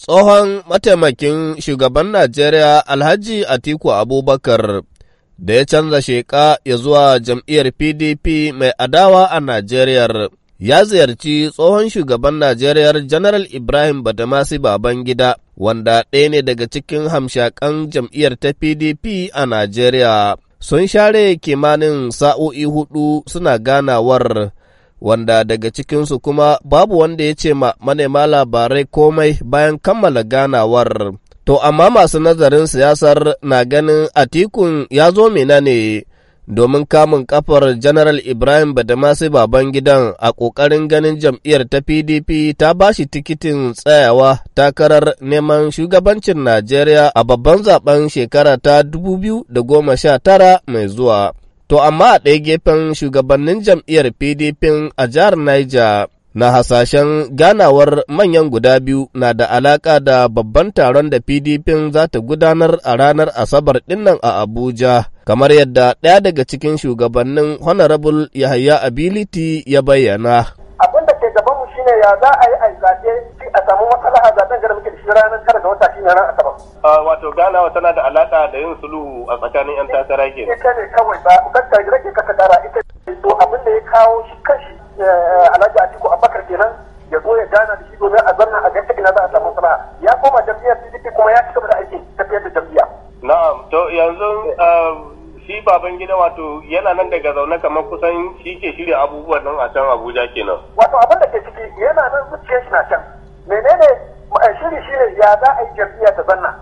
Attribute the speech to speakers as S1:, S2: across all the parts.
S1: tsohon mataimakin shugaban Najeriya Alhaji Atiku Abubakar da ya canza sheƙa ya zuwa jam'iyyar PDP mai adawa a Najeriya. Ya ziyarci tsohon shugaban Najeriya General Ibrahim Badamasi Babangida, wanda ɗaya ne daga cikin hamshakan jam'iyyar ta PDP a Najeriya. Sun share kimanin sa'o'i huɗu suna ganawar wanda daga cikinsu kuma babu wanda ya ce ma manema labarai komai bayan kammala ganawar. To amma masu nazarin siyasar na ganin atikun ya zo mina ne domin kamun kafar General Ibrahim Badamasi baban gidan a ƙoƙarin ganin jam'iyyar ta PDP ta bashi tikitin tsayawa takarar neman shugabancin Najeriya a babban zaben shekara ta 2019 mai zuwa. To amma a ɗaya gefen shugabannin jam'iyyar PDP a jihar Niger na hasashen ganawar manyan guda biyu na da alaƙa da babban taron da PDP za ta gudanar a ranar Asabar ɗinnan a Abuja, kamar yadda ɗaya daga cikin shugabannin Honorable Yahaya Ability ya bayyana.
S2: Abin da ke gabanmu shine ya za a yi a a samu matsala a zaɓen da muke da shi ranar tara ga wata ranar Ah, wato ganawa tana da alaka da yin sulhu a
S3: tsakanin 'yan takara ke. Ita
S2: ne kawai ba, kakka rage ka tara ita to abin da ya kawo shi kashi eh, Alhaji Atiku Abubakar kenan ya zo ya gana da shi domin a zanna a ga ina za a samu sana'a. Ya koma jam'iyyar PDP kuma ya ci gaba da aiki tafiyar da jam'iyya. Na'am, to yanzu ah, shi baban gida wato yana nan daga zaune kamar kusan shi ke shirya abubuwan nan a can Abuja kenan. Wato abin da ke ciki yana nan zuciyar shi na can. shiri ya za a yi ta zanna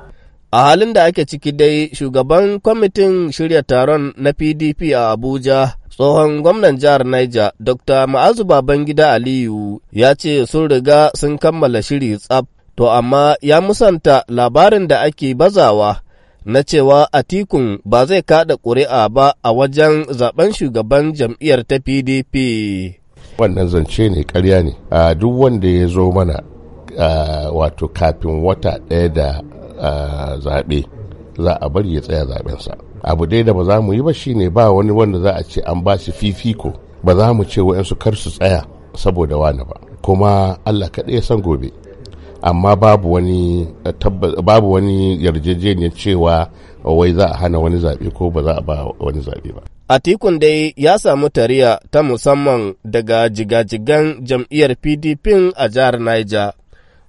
S1: A halin da ake ciki dai shugaban kwamitin shirya taron na PDP a Abuja, tsohon gwamnan jihar Niger, Dr. Ma'azu Babangida Aliyu, ya ce sun riga sun kammala shiri tsab, to amma ya musanta labarin da ake bazawa na cewa Atikun ba zai kada ƙuri'a ba a wajen zaben shugaban jam'iyyar ta PDP.
S3: Wannan zance ne ƙarya ne, a duk wanda ya zo mana Uh, wato kafin wata ɗaya da uh, zaɓe za a bari ya tsaya zaɓensa abu dai da ba za mu yi ba shine ba wani wanda za a ce an ba shi fifiko ba za mu ce wa'yansu kar su tsaya saboda wani ba kuma allah kaɗai ya san gobe amma babu wani uh, babu wani yarjejeniyar cewa wai za a hana wani zaɓe ko ba za a ba wani zaɓe ba.
S1: Atikun dai ya samu tariya ta musamman daga jigajigan jam'iyyar PDP a jihar Niger.